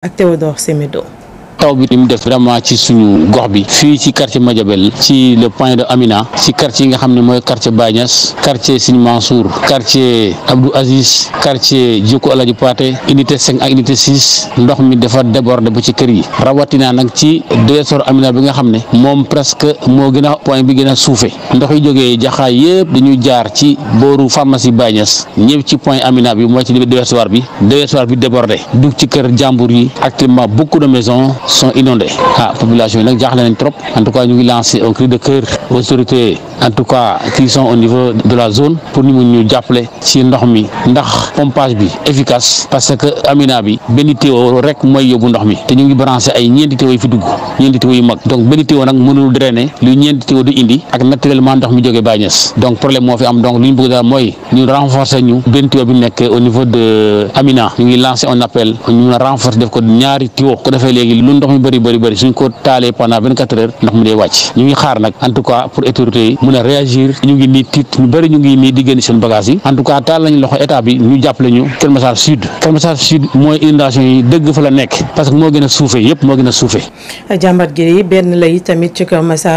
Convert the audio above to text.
ak Théodore Semedo taw bi lim def vraiment ci suñu gox bi fii ci quartier Madiabel ci le point de Amina ci quartier yi nga xam ne mooy quartier Baye Niass quartier Sine Mansour quartier Abdou Aziz quartier Diokou Alaji Paté unité 5 ak ndox mi dafa déborde bu ci kër yi rawatina nag ci désor Amina bi nga xam ne moom presque moo gën a point bi gën a suufe ndox yi jógee jaxaay yëpp dañuy jaar ci booru pharmacie Baye Niass ñëw ci point Amina bi mooy ci déversoir bi déversoir bi débordé ci kër jàmbur yi actuellement beaucoup de sont inondés ah population bi nag jaaxle nañ trop en tout cas ñu ngi lancé un cri de cœur aux en tout cas qui sont au niveau de la zone pour ñu mun ñu jàppale ci ndox mi ndax pompage bi efficace parce que Amina bi benn téo rek mooy yóbbu ndox mi te ñu ngi branché ay ñeenti téo yi fi dugg ñeenti téo yu mag donc benn téo nag mënul drainer lu ñeenti téo du indi ak naturellement ndox mi jógee bàyyi ñes donc problème moo fi am donc ñu a renforcer ndox mi bëri bëri bëri suñ ko taalee pendant vingt quatre heures ndox mi dee wàcc ñu ngi xaar nag en tout cas pour autorités yi mën a réagir ñu ngi nii tiit ñu bëri ñu ngi nii di seen bagage yi en tout cas taal nañ loxo état bi ñu jàppale ñu Kër Sud Kër Sud mooy inondation yi dëgg fa la nekk parce que moo gën a suufee yëpp moo gën a suufee jàmbat gi benn lay tamit ci Kër Massar